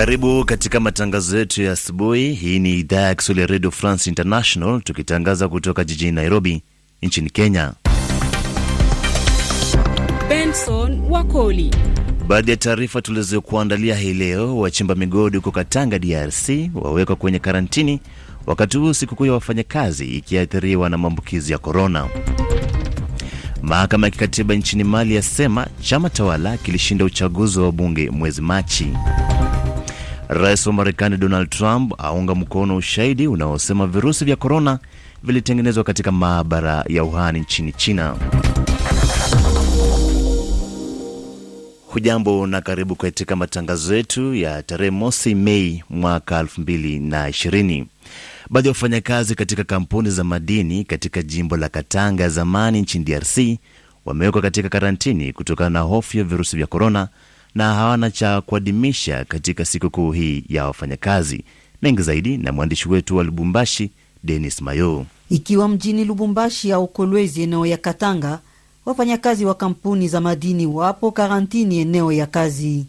Karibu katika matangazo yetu ya asubuhi. Hii ni idhaa ya Kiswahili ya Radio France International, tukitangaza kutoka jijini Nairobi nchini Kenya. Benson Wakoli. Baadhi ya taarifa tulizokuandalia hii leo: wachimba migodi huko Katanga, DRC wawekwa kwenye karantini, wakati huu sikukuu ya wafanyakazi ikiathiriwa na maambukizi ya korona. Mahakama ya kikatiba nchini Mali yasema chama tawala kilishinda uchaguzi wa bunge mwezi Machi. Rais wa Marekani Donald Trump aunga mkono ushahidi unaosema virusi vya korona vilitengenezwa katika maabara ya Wuhan nchini China. Hujambo na karibu katika matangazo yetu ya tarehe mosi Mei mwaka 2020. Baadhi ya wafanyakazi katika kampuni za madini katika jimbo la Katanga ya zamani nchini DRC wamewekwa katika karantini kutokana na hofu ya virusi vya korona na hawana cha kuadimisha katika sikukuu hii ya wafanyakazi. Mengi zaidi na mwandishi wetu wa Lubumbashi, Denis Mayo. Ikiwa mjini Lubumbashi au Kolwezi, eneo ya Katanga, wafanyakazi wa kampuni za madini wapo karantini eneo ya kazi,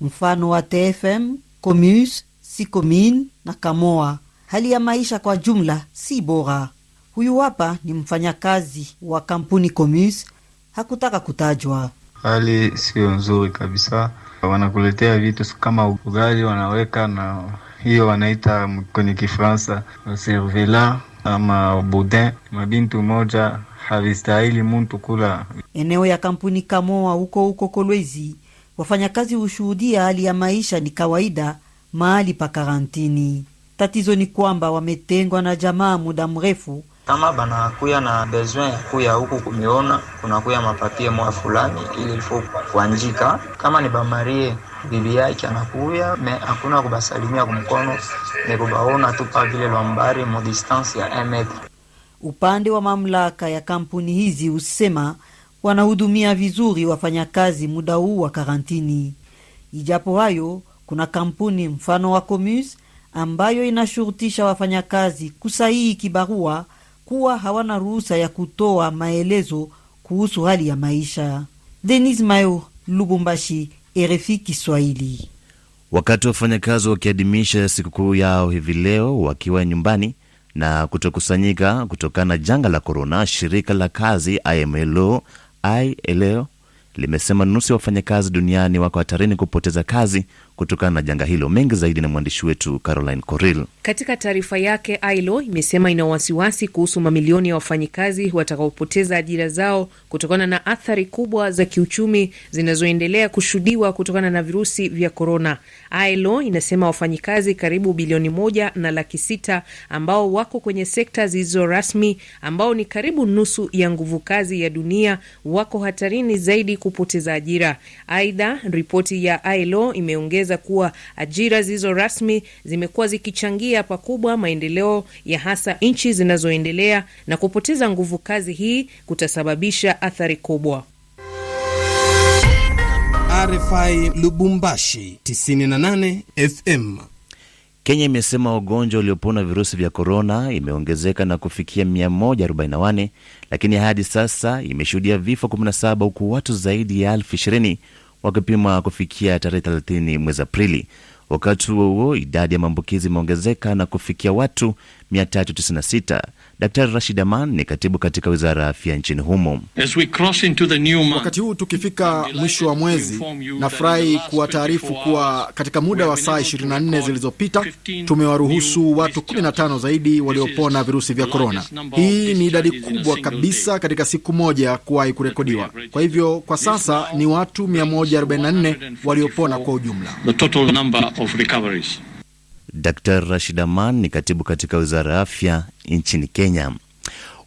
mfano wa TFM, Comus, Sicomin na Kamoa. Hali ya maisha kwa jumla si bora. Huyu hapa ni mfanyakazi wa kampuni Comus, hakutaka kutajwa hali sio nzuri kabisa. Wanakuletea vitu kama ugali wanaweka na hiyo wanaita kwenye Kifaransa servela ama budin Mabintu moja havistahili muntu kula. Eneo ya kampuni Kamoa huko huko Kolwezi, wafanyakazi hushuhudia hali ya maisha ni kawaida mahali pa karantini. Tatizo ni kwamba wametengwa na jamaa muda mrefu kama banakuya na besoin ya kuya huku kumiona kunakuya mapapie mwa fulani ili ilifo kuanjika, kama ni bamarie bibi yake anakuya me hakuna kubasalimia kumkono, ni kubaona tu pa vile lwambari mo distance ya metre. Upande wa mamlaka ya kampuni hizi husema wanahudumia vizuri wafanyakazi muda huu wa karantini. Ijapo hayo, kuna kampuni mfano wa Comus ambayo inashurutisha wafanyakazi kusahihi kibarua kuwa hawana ruhusa ya kutoa maelezo kuhusu hali ya maisha. Denis Mayo, Lubumbashi, RFI Kiswahili. Wakati wafanyakazi wakiadhimisha sikukuu yao hivi leo wakiwa nyumbani na kutokusanyika kutokana na janga la korona, shirika la kazi IMLO ILO limesema nusu ya wafanyakazi duniani wako hatarini kupoteza kazi kutokana na janga hilo. Mengi zaidi na mwandishi wetu Caroline Coril. Katika taarifa yake, ILO imesema ina wasiwasi kuhusu mamilioni ya wafanyikazi watakaopoteza ajira zao kutokana na athari kubwa za kiuchumi zinazoendelea kushuhudiwa kutokana na virusi vya korona. ILO inasema wafanyikazi karibu bilioni moja na laki sita ambao wako kwenye sekta zilizo rasmi, ambao ni karibu nusu ya nguvu kazi ya dunia, wako hatarini zaidi kupoteza ajira. Aidha, ripoti ya ILO imeongeza ameongeza kuwa ajira zilizo rasmi zimekuwa zikichangia pakubwa maendeleo ya hasa nchi zinazoendelea na kupoteza nguvu kazi hii kutasababisha athari kubwa. RFI Lubumbashi 98 FM. Kenya imesema ugonjwa uliopona virusi vya korona imeongezeka na kufikia 141 lakini hadi sasa imeshuhudia vifo 17 huku watu zaidi ya elfu 20 wakipima kufikia tarehe 30 mwezi Aprili. Wakati huo huo, idadi ya maambukizi imeongezeka na kufikia watu 396 Daktari Rashid Aman ni katibu katika wizara ya afya nchini humo. Wakati huu tukifika mwisho wa mwezi, nafurahi kuwataarifu kuwa katika muda wa saa 24 zilizopita tumewaruhusu watu 15 zaidi waliopona virusi vya korona. Hii ni idadi kubwa kabisa katika siku moja kuwahi kurekodiwa. Kwa hivyo kwa sasa ni watu 144 waliopona kwa ujumla. Dr Rashid Aman ni katibu katika wizara ya afya nchini Kenya.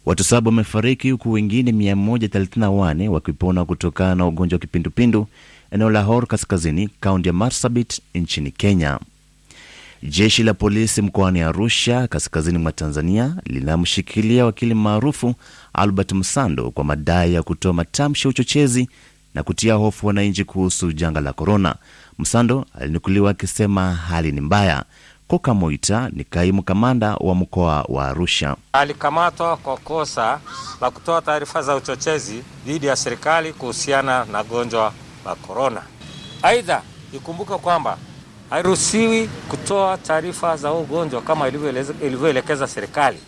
Watu saba wamefariki huku wengine 131 wakipona kutokana na ugonjwa wa kipindupindu eneo la Hor Kaskazini, kaunti ya Marsabit nchini Kenya. Jeshi la polisi mkoani Arusha, kaskazini mwa Tanzania, linamshikilia wakili maarufu Albert Msando kwa madai ya kutoa matamshi ya uchochezi na kutia hofu wananchi kuhusu janga la korona. Msando alinukuliwa akisema hali ni mbaya. Koka Moita ni kaimu kamanda wa mkoa wa Arusha. Alikamatwa kwa kosa la kutoa taarifa za uchochezi dhidi ya serikali kuhusiana na gonjwa la korona. Aidha, ikumbuke kwamba hairuhusiwi kutoa taarifa za ugonjwa kama ilivyoelekeza serikali,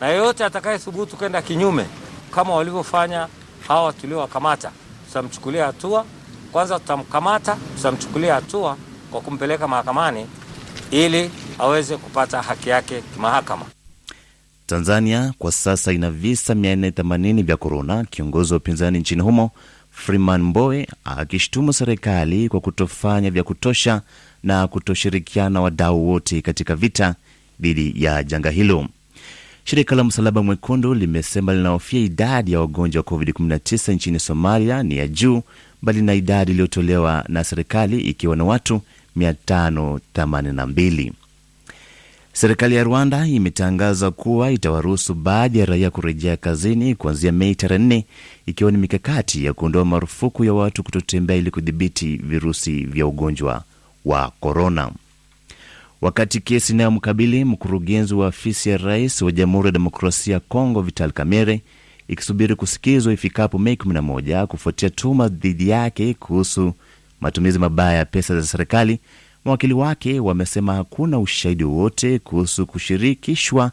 na yeyote atakayethubutu kwenda kinyume kama walivyofanya hawa tuliowakamata, tutamchukulia hatua. Kwanza tutamkamata, tutamchukulia hatua kwa kumpeleka mahakamani ili aweze kupata haki yake kimahakama. Tanzania kwa sasa ina visa 480 vya korona, kiongozi wa upinzani nchini humo Freeman Mbowe akishtumu serikali kwa kutofanya vya kutosha na kutoshirikiana wadau wote katika vita dhidi ya janga hilo. Shirika la Msalaba Mwekundu limesema linahofia idadi ya wagonjwa wa COVID-19 nchini Somalia ni ya juu, mbali na idadi iliyotolewa na serikali ikiwa na watu 582. Serikali ya Rwanda imetangaza kuwa itawaruhusu baadhi ya raia kurejea kazini kuanzia Mei tarehe ikiwa ni mikakati ya kuondoa marufuku ya watu kutotembea ili kudhibiti virusi vya ugonjwa wa korona. Wakati kesi inayomkabili mkurugenzi wa afisi ya rais wa Jamhuri ya Demokrasia ya Kongo Vital Kamerhe ikisubiri kusikizwa ifikapo Mei 11 kufuatia tuhuma dhidi yake kuhusu matumizi mabaya ya pesa za serikali. Mawakili wake wamesema hakuna ushahidi wowote kuhusu kushirikishwa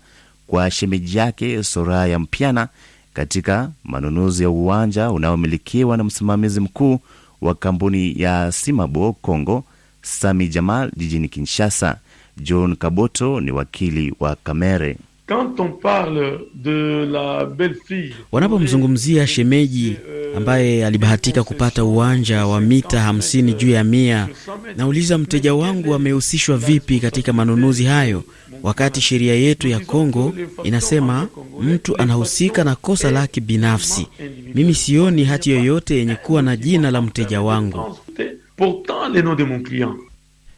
kwa shemeji yake Soraya Mpiana katika manunuzi ya uwanja unaomilikiwa na msimamizi mkuu wa kampuni ya Simabo Congo, Sami Jamal jijini Kinshasa. John Kaboto ni wakili wa Kamere. Wanapomzungumzia shemeji euh, ambaye alibahatika kupata uwanja wa mita hamsini euh, juu ya mia, nauliza mteja wangu amehusishwa wa vipi katika manunuzi hayo, wakati sheria yetu ya Kongo inasema mtu anahusika na kosa lake binafsi. Mimi sioni hati yoyote yenye kuwa na jina la mteja wangu.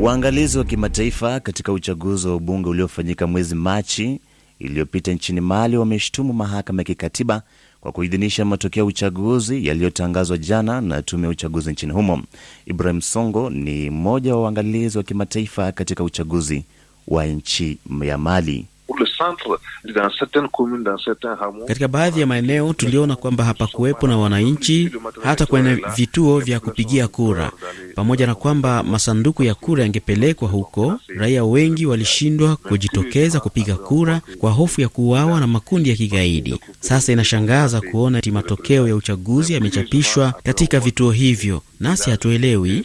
Waangalizi wa kimataifa katika uchaguzi wa ubunge uliofanyika mwezi Machi iliyopita nchini Mali wameshtumu mahakama ya kikatiba kwa kuidhinisha matokeo ya uchaguzi yaliyotangazwa jana na tume ya uchaguzi nchini humo. Ibrahim Songo ni mmoja wa waangalizi wa kimataifa katika uchaguzi wa nchi ya Mali pour le centre dans certaines communes, dans certains hameaux. Katika baadhi ya maeneo tuliona kwamba hapakuwepo na wananchi hata kwenye vituo vya kupigia kura. Pamoja na kwamba masanduku ya kura yangepelekwa huko, raia wengi walishindwa kujitokeza kupiga kura kwa hofu ya kuuawa na makundi ya kigaidi. Sasa inashangaza kuona matokeo ya uchaguzi yamechapishwa katika vituo hivyo, nasi hatuelewi.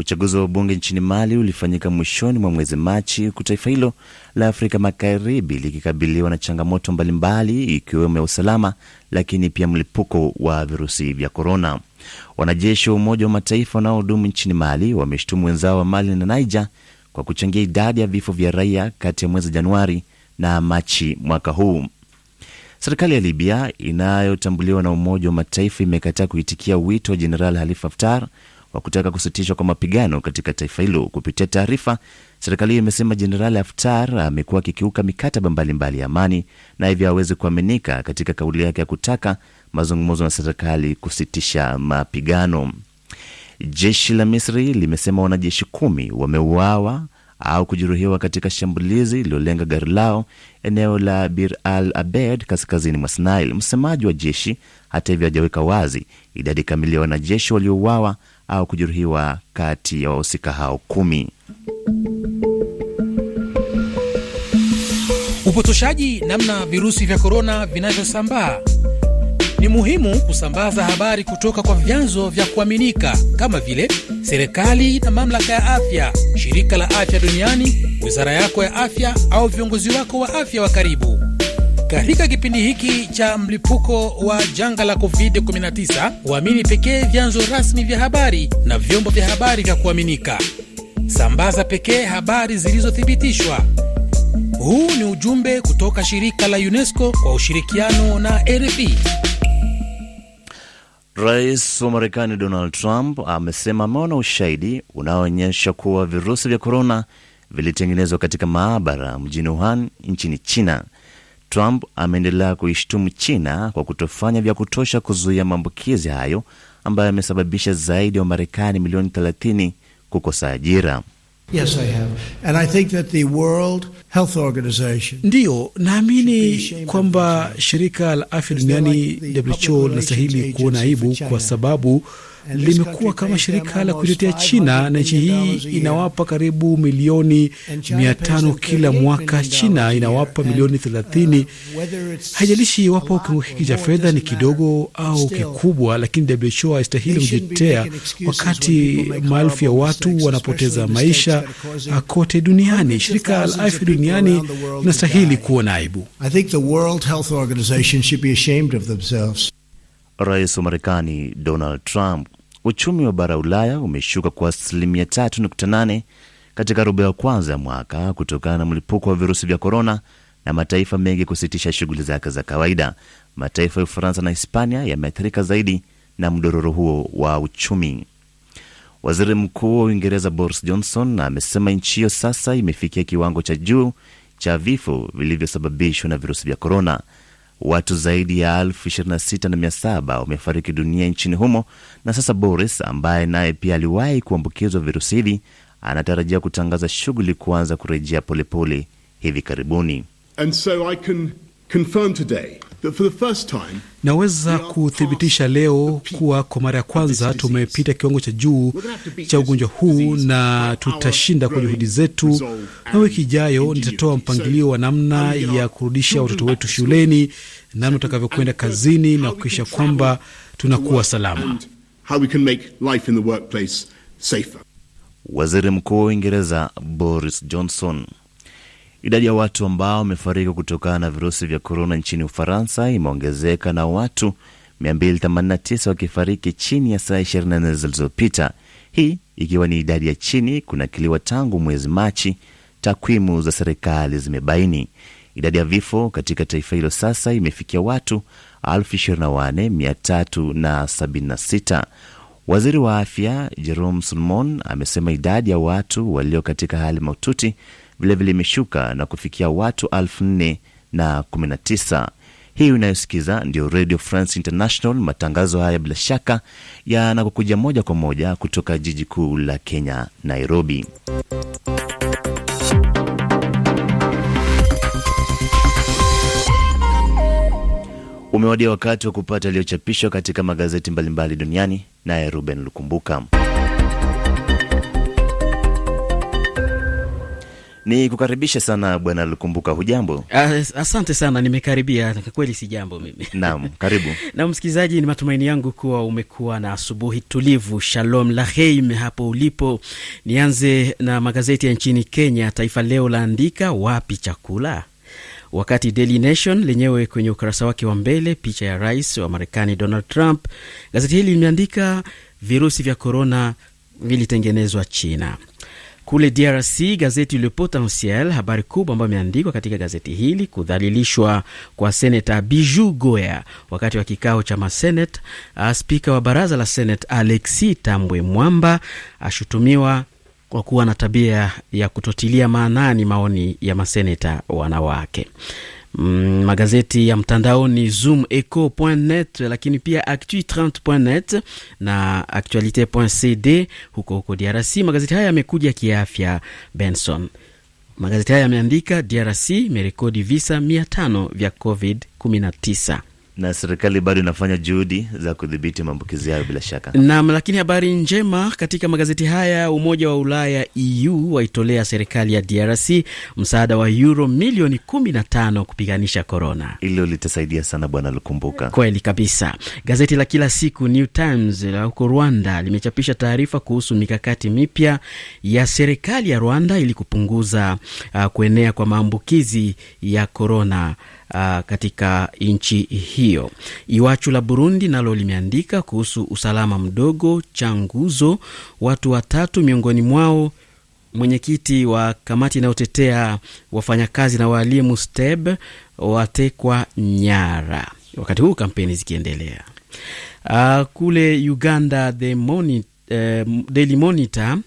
Uchaguzi wa bunge nchini Mali ulifanyika mwishoni mwa mwezi Machi, huku taifa hilo la Afrika Magharibi likikabiliwa na changamoto mbalimbali ikiwemo ya usalama, lakini pia mlipuko wa virusi vya korona. Wanajeshi wa Umoja wa Mataifa wanaohudumu nchini Mali wameshtumu wenzao wa Mali na Niger kwa kuchangia idadi ya vifo vya raia kati ya mwezi Januari na Machi mwaka huu. Serikali ya Libya inayotambuliwa na Umoja wa Mataifa imekataa kuitikia wito wa Jenerali Halifa Haftar wa kutaka kusitishwa kwa mapigano katika taifa hilo. Kupitia taarifa, serikali hiyo imesema Jenerali Haftar amekuwa akikiuka mikataba mbalimbali ya amani na hivyo hawezi kuaminika katika kauli yake ya kutaka mazungumzo na serikali kusitisha mapigano. Jeshi la Misri limesema wanajeshi kumi wameuawa au kujeruhiwa katika shambulizi lililolenga gari lao eneo la Bir al Abed kaskazini mwa Sinai. Msemaji wa jeshi hata hivyo hajaweka wazi idadi kamili ya wanajeshi waliouawa au kujeruhiwa kati ya wahusika hao kumi. Upotoshaji namna virusi vya korona vinavyosambaa. Ni muhimu kusambaza habari kutoka kwa vyanzo vya kuaminika kama vile serikali na mamlaka ya afya, shirika la afya duniani, wizara yako ya afya, au viongozi wako wa afya wa karibu. Katika kipindi hiki cha mlipuko wa janga la COVID-19, uamini pekee vyanzo rasmi vya habari na vyombo vya habari vya kuaminika. Sambaza pekee habari zilizothibitishwa. Huu ni ujumbe kutoka shirika la UNESCO kwa ushirikiano na rp Rais wa Marekani Donald Trump amesema ameona ushahidi unaoonyesha kuwa virusi vya korona vilitengenezwa katika maabara mjini Wuhan nchini China. Trump ameendelea kuishtumu China kwa kutofanya vya kutosha kuzuia maambukizi hayo ambayo yamesababisha zaidi ya Wamarekani milioni 30 kukosa ajira. Yes, ndiyo, naamini kwamba shirika la afya duniani WHO linastahili kuona aibu, kwa sababu limekuwa kama shirika la kuitetea China, na nchi hii inawapa karibu milioni mia tano kila mwaka. China inawapa milioni thelathini. Uh, Haijalishi iwapo kiwango hiki cha fedha ni kidogo au kikubwa, lakini WHO haistahili kujitetea wakati maelfu ya watu wanapoteza maisha kote duniani. Shirika la afya duniani linastahili kuwa na aibu. Rais wa Marekani Donald Trump Uchumi wa bara Ulaya umeshuka kwa asilimia 3.8 katika robo ya kwanza ya mwaka kutokana na mlipuko wa virusi vya korona na mataifa mengi kusitisha shughuli zake za kawaida. Mataifa ya Ufaransa na Hispania yameathirika zaidi na mdororo huo wa uchumi. Waziri Mkuu wa Uingereza Boris Johnson amesema nchi hiyo sasa imefikia kiwango cha juu cha vifo vilivyosababishwa na virusi vya korona. Watu zaidi ya elfu ishirini wamefariki dunia nchini humo, na sasa Boris ambaye naye pia aliwahi kuambukizwa virusi hivi anatarajia kutangaza shughuli kuanza kurejea polepole hivi karibuni. And so I can confirm today Naweza kuthibitisha leo kuwa kwa mara ya kwanza tumepita kiwango cha juu cha ugonjwa huu na tutashinda kwa juhudi zetu, na wiki ijayo nitatoa mpangilio wa namna ya kurudisha watoto wetu shuleni, namna utakavyokwenda kazini na kuhakikisha kwamba tunakuwa salama. Waziri Mkuu wa Uingereza Boris Johnson Idadi ya watu ambao wamefariki kutokana na virusi vya korona nchini Ufaransa imeongezeka na watu 289 wakifariki chini ya saa 24 zilizopita, hii ikiwa ni idadi ya chini kunakiliwa tangu mwezi Machi, takwimu za serikali zimebaini. Idadi ya vifo katika taifa hilo sasa imefikia watu 24376. Waziri wa afya Jerome Sulmon amesema idadi ya watu walio katika hali mahututi vilevile imeshuka na kufikia watu 419 Hii unayosikiza ndio Radio France International. Matangazo haya bila shaka yanakukuja moja kwa moja kutoka jiji kuu la Kenya, Nairobi. Umewadia wakati wa kupata yaliyochapishwa katika magazeti mbalimbali mbali duniani, naye Ruben Lukumbuka. Ni kukaribisha sana Bwana Lukumbuka, hujambo? Ah, asante sana, nimekaribia kweli, si jambo mimi. nam karibu na msikilizaji, ni matumaini yangu kuwa umekuwa na asubuhi tulivu. Shalom laheim hapo ulipo. Nianze na magazeti ya nchini Kenya. Taifa Leo laandika wapi chakula wakati Daily Nation lenyewe kwenye ukurasa wake wa mbele picha ya rais wa Marekani Donald Trump. Gazeti hili limeandika virusi vya korona vilitengenezwa China. Kule DRC gazeti Le Potentiel, habari kubwa ambayo imeandikwa katika gazeti hili, kudhalilishwa kwa seneta Biju Goya wakati wa kikao cha masenate. Ah, spika wa baraza la senate Alexi Tambwe Mwamba ashutumiwa kwa kuwa na tabia ya kutotilia maanani maoni ya maseneta wanawake. Mm, magazeti ya mtandaoni Zoom zoomeco.net, lakini pia Actu30.net na Actualite.cd huko huko DRC. Magazeti haya yamekuja kiafya, Benson. Magazeti haya yameandika DRC imerekodi visa 500 vya COVID-19 na serikali bado inafanya juhudi za kudhibiti maambukizi hayo bila shaka. Naam, lakini habari njema katika magazeti haya, Umoja wa Ulaya EU waitolea serikali ya DRC msaada wa euro milioni 15 kupiganisha korona. Hilo litasaidia sana bwana Lukumbuka, kweli kabisa. Gazeti la kila siku New Times la huko Rwanda limechapisha taarifa kuhusu mikakati mipya ya serikali ya Rwanda ili kupunguza uh, kuenea kwa maambukizi ya korona uh, katika nchi hiyo. Iwachu la Burundi nalo limeandika kuhusu usalama mdogo changuzo watu watatu miongoni mwao mwenyekiti wa kamati inayotetea wafanyakazi na waalimu STEB watekwa nyara, wakati huu kampeni zikiendelea. Uh, kule Uganda The Moni, eh, Daily Monitor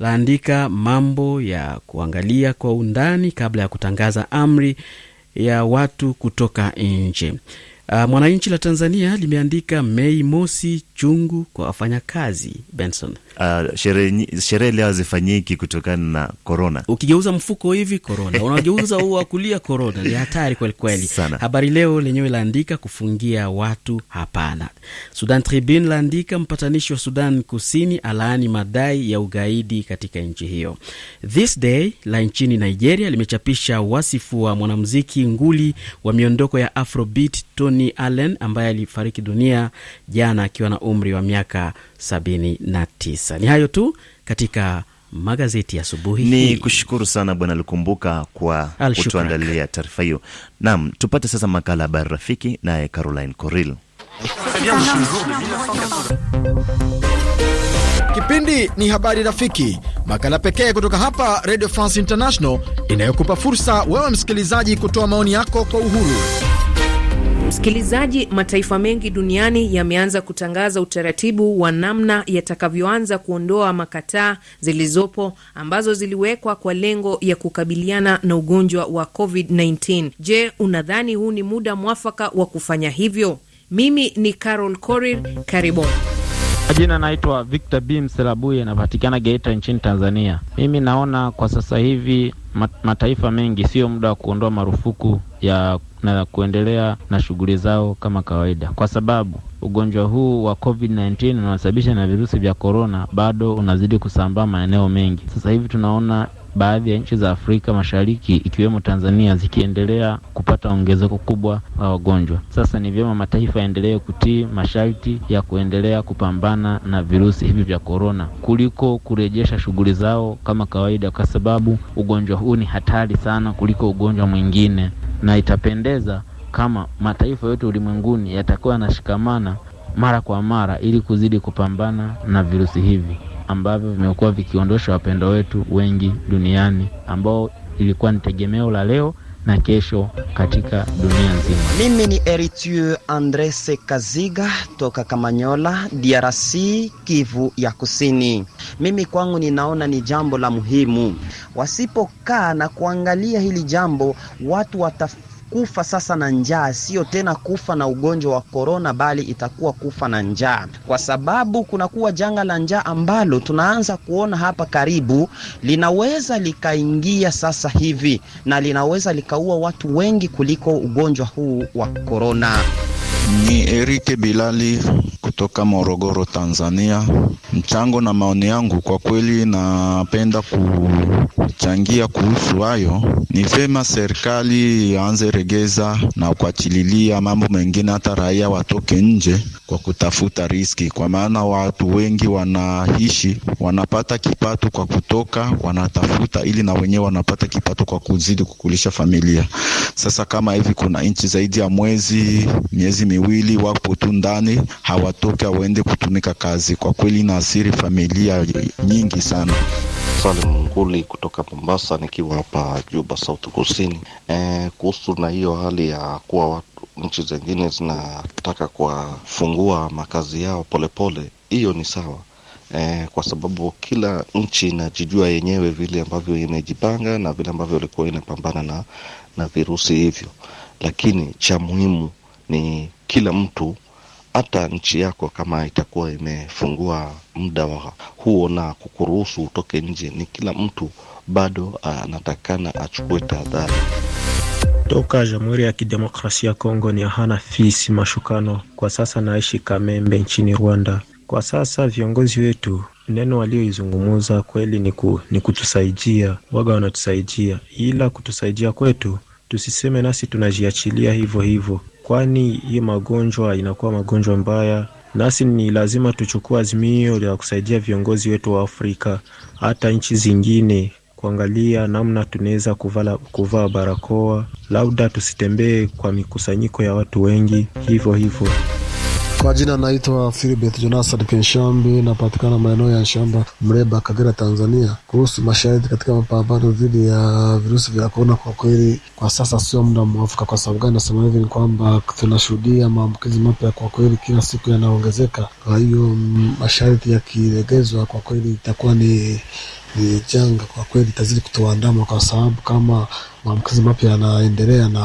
laandika mambo ya kuangalia kwa undani kabla ya kutangaza amri ya watu kutoka nje. Uh, Mwananchi la Tanzania limeandika Mei Mosi, chungu kwa wafanyakazi Benson. Uh, sherehe leo hazifanyiki kutokana na korona. Ukigeuza mfuko hivi korona, unageuza huu wa kulia korona. Ni hatari kwelikweli. Habari Leo lenyewe laandika kufungia watu hapana. Sudan Tribune laandika mpatanishi wa Sudan Kusini alaani madai ya ugaidi katika nchi hiyo. This Day la nchini Nigeria limechapisha wasifu wa mwanamuziki nguli wa miondoko ya Afrobeat Tony Allen ambaye alifariki dunia jana akiwa na umri wa miaka 79. Ni hayo tu katika magazeti asubuhi. Ni kushukuru sana Bwana Lukumbuka kwa kutuandalia taarifa hiyo. Naam, tupate sasa makala habari rafiki, naye Caroline Coril. Kipindi ni habari rafiki, makala pekee kutoka hapa Radio France International inayokupa fursa wewe msikilizaji kutoa maoni yako kwa uhuru. Msikilizaji, mataifa mengi duniani yameanza kutangaza utaratibu wa namna yatakavyoanza kuondoa makataa zilizopo ambazo ziliwekwa kwa lengo ya kukabiliana na ugonjwa wa COVID-19. Je, unadhani huu ni muda mwafaka wa kufanya hivyo? Mimi ni Carol Korir, karibuni. Jina naitwa Victor B Mselabuye, anapatikana Geita nchini Tanzania. Mimi naona kwa sasa hivi mataifa mengi, sio muda wa kuondoa marufuku ya na kuendelea na shughuli zao kama kawaida, kwa sababu ugonjwa huu wa COVID-19 unaosababisha na virusi vya korona bado unazidi kusambaa maeneo mengi. Sasa hivi tunaona baadhi ya nchi za Afrika Mashariki ikiwemo Tanzania zikiendelea kupata ongezeko kubwa la wagonjwa. Sasa ni vyema mataifa yaendelee kutii masharti ya kuendelea kupambana na virusi hivi vya korona kuliko kurejesha shughuli zao kama kawaida, kwa sababu ugonjwa huu ni hatari sana kuliko ugonjwa mwingine, na itapendeza kama mataifa yote ulimwenguni yatakuwa yanashikamana mara kwa mara ili kuzidi kupambana na virusi hivi ambavyo vimekuwa vikiondosha wapendwa wetu wengi duniani ambao ilikuwa ni tegemeo la leo na kesho katika dunia nzima. Mimi ni Eritieu Andrese Kaziga toka Kamanyola, DRC, Kivu ya Kusini. Mimi kwangu ninaona ni jambo la muhimu. Wasipokaa na kuangalia hili jambo, watu wata kufa sasa na njaa, sio tena kufa na ugonjwa wa korona, bali itakuwa kufa na njaa, kwa sababu kunakuwa janga la njaa ambalo tunaanza kuona hapa karibu, linaweza likaingia sasa hivi na linaweza likaua watu wengi kuliko ugonjwa huu wa korona. Ni Erike Bilali kutoka Morogoro, Tanzania. Mchango na maoni yangu kwa kweli, napenda kuchangia kuhusu hayo. Ni vema serikali ianze regeza na kuachililia mambo mengine, hata raia watoke nje kwa kutafuta riski, kwa maana watu wengi wanaishi wanapata kipato kwa kutoka, wanatafuta ili na wenyewe wanapata kipato kwa kuzidi kukulisha familia. Sasa kama hivi kuna nchi zaidi ya mwezi miezi miwili wapo tu ndani hawa watoke waende kutumika kazi. Kwa kweli inaathiri familia nyingi sana. Salim Munguli kutoka Mombasa, nikiwa hapa Juba, South Kusini. E, kuhusu na hiyo hali ya kuwa watu nchi zingine zinataka kuwafungua makazi yao polepole, hiyo pole, ni sawa e, kwa sababu kila nchi inajijua yenyewe vile ambavyo imejipanga na vile ambavyo ilikuwa inapambana na, na virusi hivyo, lakini cha muhimu ni kila mtu hata nchi yako kama itakuwa imefungua muda wa huo na kukuruhusu utoke nje, ni kila mtu bado anatakana achukue tahadhari. Toka Jamhuri ya Kidemokrasia ya Kongo ni hana Fisi Mashukano, kwa sasa naishi Kamembe nchini Rwanda. Kwa sasa viongozi wetu neno walioizungumuza kweli ni, ku, ni kutusaidia, waga wanatusaidia, ila kutusaidia kwetu tusiseme nasi tunajiachilia hivyo hivyo kwani hii magonjwa inakuwa magonjwa mbaya, nasi ni lazima tuchukua azimio la kusaidia viongozi wetu wa Afrika hata nchi zingine kuangalia namna tunaweza kuvaa barakoa, labda tusitembee kwa mikusanyiko ya watu wengi hivyo hivyo. Kwa jina naitwa Philbert jonasan Kenshambi, napatikana maeneo ya shamba Mreba, Kagera, Tanzania. Kuhusu mashahidi katika mapambano dhidi ya virusi vya korona, kwa kweli kwa sasa sio muda mwafaka. Kwa sababu gani nasema hivi? Ni kwamba tunashuhudia maambukizi mapya kwa kweli kila siku yanaongezeka. Kwa hiyo mm, masharti yakilegezwa, kwa kweli itakuwa ni ni janga kwa kweli, itazidi kutuandama kwa sababu kama maambukizi mapya yanaendelea na,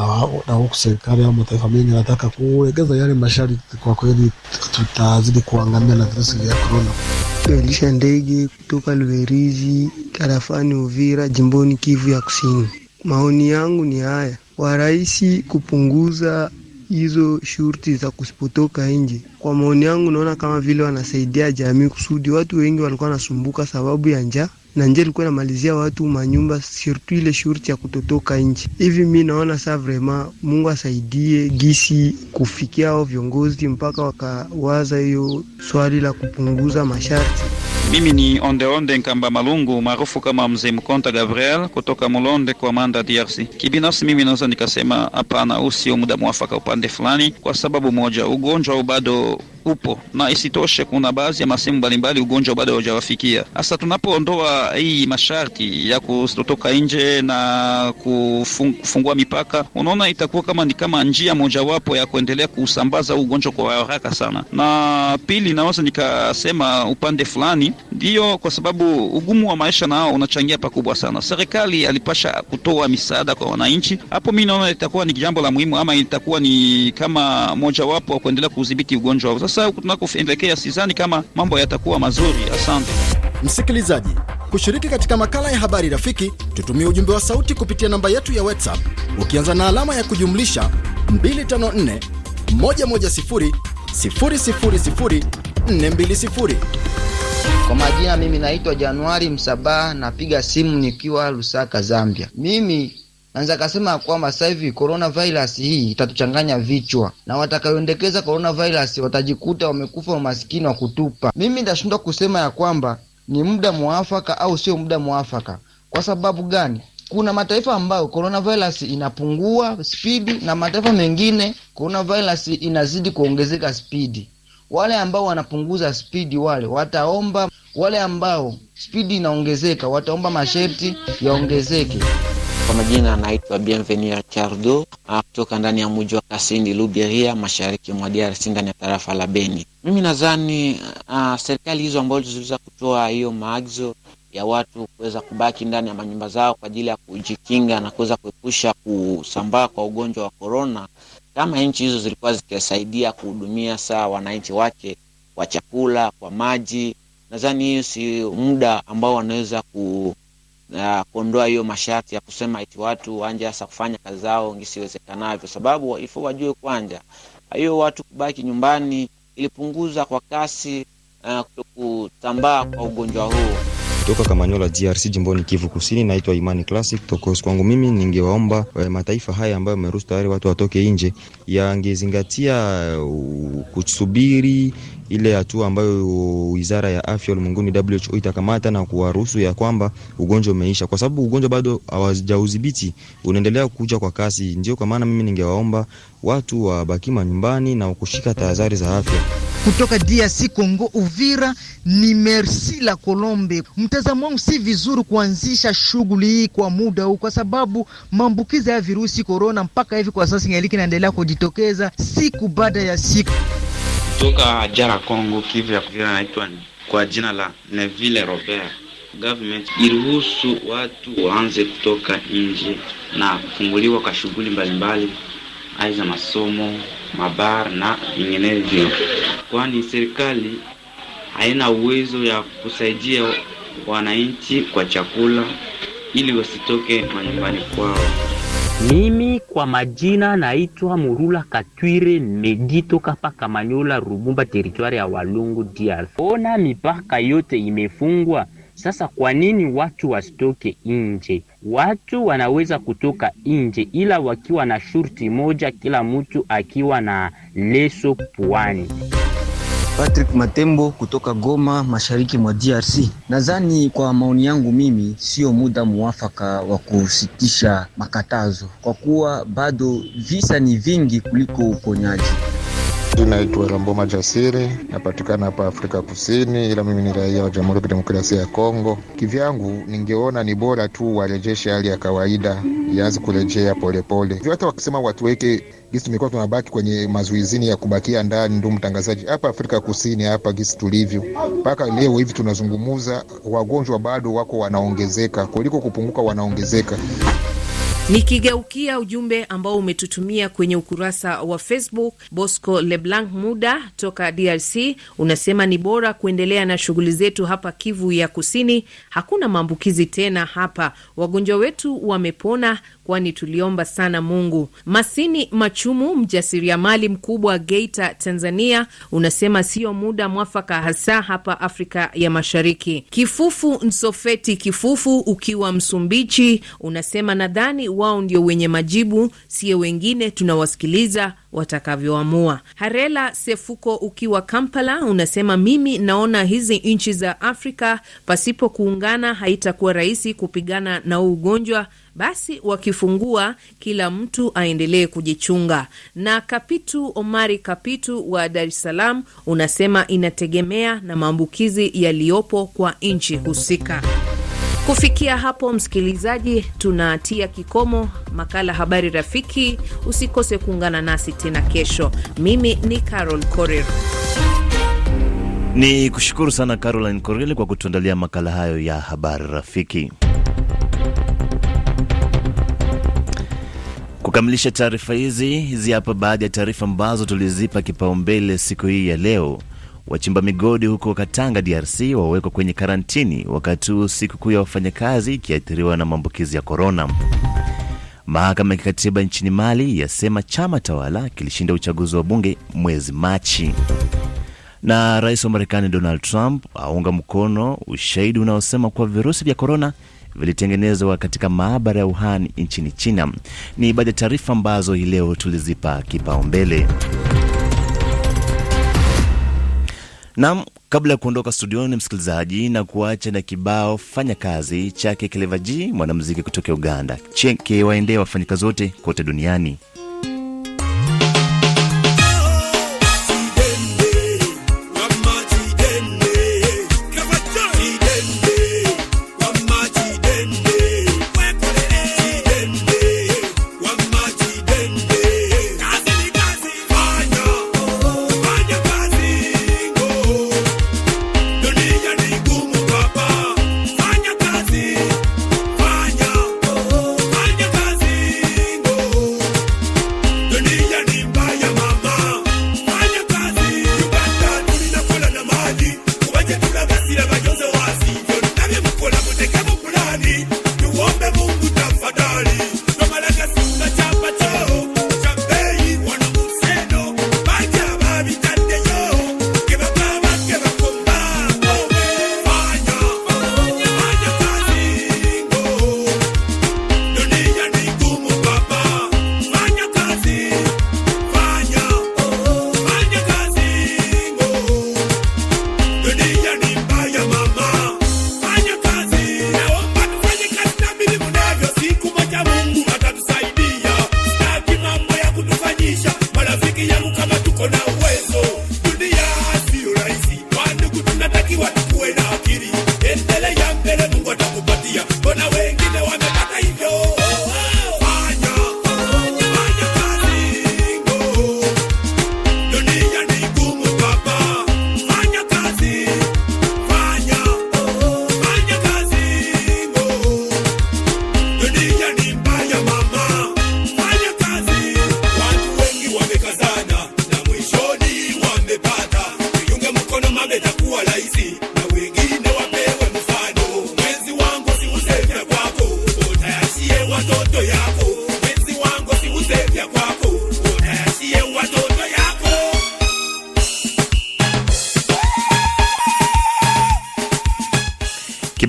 na huku serikali au mataifa mengi anataka kulegeza yale masharti, kwa kweli tutazidi kuangamia na virusi vya korona. Elisha Ndege kutoka Luverizi, Karafani, Uvira, jimboni Kivu ya Kusini. Maoni yangu ni haya, warahisi kupunguza hizo shurti za kusipotoka nje. Kwa maoni yangu, naona kama vile wanasaidia jamii, kusudi watu wengi walikuwa wanasumbuka sababu ya njaa na nje ilikuwa namalizia watu manyumba, surtout ile shurti ya kutotoka nje. Hivi mi naona saa vrema, Mungu asaidie gisi kufikia ao viongozi mpaka wakawaza hiyo swali la kupunguza masharti. Mimi ni Ondeonde Nkamba Malungu maarufu kama Mzee Mkonta Gabriel kutoka Mulonde kwa Manda, DRC. Kibinafsi mimi naweza nikasema hapana, huu sio muda mwafaka upande fulani, kwa sababu moja, ugonjwa bado upo na isitoshe, kuna baadhi ya masehemu mbalimbali ugonjwa bado haujawafikia. Sasa tunapoondoa hii masharti ya kutotoka nje na kufungua mipaka, unaona itakuwa kama ni kama njia mojawapo ya kuendelea kusambaza ugonjwa kwa haraka sana. Na pili, naweza nikasema upande fulani Ndiyo, kwa sababu ugumu wa maisha nao unachangia pakubwa sana. Serikali alipasha kutoa misaada kwa wananchi, hapo mi naona itakuwa ni jambo la muhimu, ama itakuwa ni kama mojawapo wa kuendelea kudhibiti ugonjwa huu. Sasa huku tunakoelekea, sidhani kama mambo yatakuwa mazuri. Asante msikilizaji kushiriki katika makala ya habari rafiki, tutumie ujumbe wa sauti kupitia namba yetu ya WhatsApp ukianza na alama ya kujumlisha 254 110 000 420. Kwa majina mimi naitwa Januari Msabaha, napiga simu nikiwa Lusaka, Zambia. Mimi naweza kasema kwamba sasa hivi coronavirus hii itatuchanganya vichwa, na watakayoendekeza coronavirus watajikuta wamekufa umasikini wa kutupa. Mimi nitashindwa kusema ya kwamba ni muda mwafaka au sio muda mwafaka. Kwa sababu gani? Kuna mataifa ambayo coronavirus inapungua spidi na mataifa mengine coronavirus inazidi kuongezeka spidi. Wale ambao wanapunguza spidi wale wataomba, wale ambao spidi inaongezeka wataomba masharti yaongezeke. Kwa majina anaitwa Bienvenu Chardo ah, kutoka ndani ya muji wa Kasindi Luberia, mashariki mwa DRC ndani ya tarafa la Beni. Mimi nadhani uh, serikali hizo ambazo ziliweza kutoa hiyo maagizo ya watu kuweza kubaki ndani ya manyumba zao kwa ajili ya kujikinga na kuweza kuepusha kusambaa kwa ugonjwa wa korona, kama nchi hizo zilikuwa zikisaidia kuhudumia saa wananchi wake kwa chakula, kwa maji, nadhani hiyo si muda ambao wanaweza ku uh, kuondoa hiyo masharti ya kusema eti watu wanje hasa kufanya kazi zao ngisiwezekanavyo, sababu ifo wajue kwanja hiyo watu kubaki nyumbani ilipunguza kwa kasi uh, eh, kutambaa kwa ugonjwa huu kutoka Kamanyola GRC jimboni Kivu Kusini. Naitwa Imani Classic Tokos. Kwangu mimi ningewaomba eh, mataifa haya ambayo yameruhusu tayari watu watoke nje yangezingatia uh, kusubiri ile hatua ambayo Wizara ya Afya Ulimwenguni WHO itakamata na kuwaruhusu ya kwamba ugonjwa umeisha, kwa sababu ugonjwa bado hawajaudhibiti, unaendelea kuja kwa kasi. Ndio kwa maana mimi ningewaomba watu wabaki manyumbani na kushika tahadhari za afya kutoka DRC Congo, Uvira ni Merci la Colombe. Mtazamo wangu si vizuri kuanzisha shughuli hii kwa muda huu, kwa sababu maambukizi ya virusi korona mpaka hivi kwa sasa ingaliki inaendelea kujitokeza siku baada ya siku. Kutoka Jara Congo, Kivu ya Uvira, naitwa kwa jina la Neville Robert. Government iruhusu watu waanze kutoka nje na kufunguliwa kwa shughuli mbalimbali, aidha masomo mabar na vinginevyo, kwani serikali haina uwezo ya kusaidia wananchi kwa chakula ili wasitoke manyumbani kwao. Mimi kwa majina naitwa Murula Katwire Medi toka Manyola Rubumba, teritwari ya Walungu, DR. Ona mipaka yote imefungwa sasa kwa nini watu wasitoke nje? Watu wanaweza kutoka nje, ila wakiwa na shurti moja, kila mtu akiwa na leso puani. Patrick Matembo kutoka Goma, mashariki mwa DRC. Nadhani kwa maoni yangu mimi, sio muda muwafaka wa kusitisha makatazo, kwa kuwa bado visa ni vingi kuliko uponyaji. Naitwa Ramboma Jasiri, napatikana hapa Afrika Kusini, ila mimi ni raia wa Jamhuri ya Kidemokrasia ya Kongo. Kivyangu ningeona ni bora tu warejeshe hali ya kawaida, ianze kurejea polepole hivyo. Hata wakisema watuweke gisi, tumekuwa tunabaki kwenye mazuizini ya kubakia ndani. Ndu mtangazaji, hapa Afrika Kusini hapa gisi tulivyo mpaka leo hivi tunazungumuza, wagonjwa bado wako wanaongezeka kuliko kupunguka, wanaongezeka. Nikigeukia ujumbe ambao umetutumia kwenye ukurasa wa Facebook, Bosco Leblanc Muda toka DRC unasema ni bora kuendelea na shughuli zetu hapa Kivu ya Kusini. Hakuna maambukizi tena hapa, wagonjwa wetu wamepona, kwani tuliomba sana Mungu. Masini Machumu, mjasiriamali mkubwa Geita, Tanzania, unasema sio muda mwafaka, hasa hapa Afrika ya Mashariki. Kifufu Nsofeti Kifufu ukiwa Msumbichi unasema nadhani wao ndio wenye majibu, sio wengine. Tunawasikiliza watakavyoamua. Harela Sefuko, ukiwa Kampala, unasema mimi naona hizi nchi za Afrika pasipo kuungana haitakuwa rahisi kupigana na huu ugonjwa. Basi wakifungua, kila mtu aendelee kujichunga. Na Kapitu Omari Kapitu wa Dar es Salaam unasema inategemea na maambukizi yaliyopo kwa nchi husika. Kufikia hapo, msikilizaji, tunatia kikomo makala Habari Rafiki. Usikose kuungana nasi tena kesho. Mimi ni Carol Korir. Ni kushukuru sana Caroline Coril kwa kutuandalia makala hayo ya habari rafiki. Kukamilisha taarifa hizi, hizi hapa baadhi ya taarifa ambazo tulizipa kipaumbele siku hii ya leo. Wachimba migodi huko Katanga, DRC wawekwa kwenye karantini, wakati huu sikukuu ya wafanyakazi ikiathiriwa na maambukizi ya korona. Mahakama ya kikatiba nchini Mali yasema chama tawala kilishinda uchaguzi wa bunge mwezi Machi. Na rais wa Marekani Donald Trump aunga mkono ushahidi unaosema kuwa virusi vya korona vilitengenezwa katika maabara ya Wuhan nchini China. Ni baadhi ya taarifa ambazo hii leo tulizipa kipaumbele. Naam, kabla ya kuondoka studioni, msikilizaji, na kuacha na kibao fanya kazi chake Clever G, mwanamuziki kutoka Uganda, cheke waendee wafanyakazi wote kote duniani.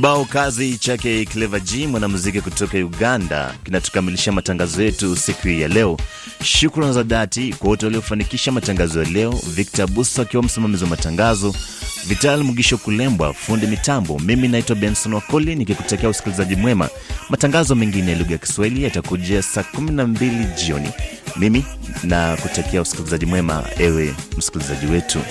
Kibao kazi chake Clever G, mwanamuziki kutoka Uganda, kinatukamilisha matangazo yetu siku hii ya leo. Shukrani za dhati kwa wote waliofanikisha matangazo ya leo, Victor Buso akiwa msimamizi wa matangazo, Vital Mugisho Kulembwa fundi mitambo. Mimi naitwa Benson Wakoli nikikutakia usikilizaji mwema. Matangazo mengine ya lugha ya Kiswahili yatakujia saa 12 jioni. Mimi nakutakia usikilizaji mwema, ewe msikilizaji wetu.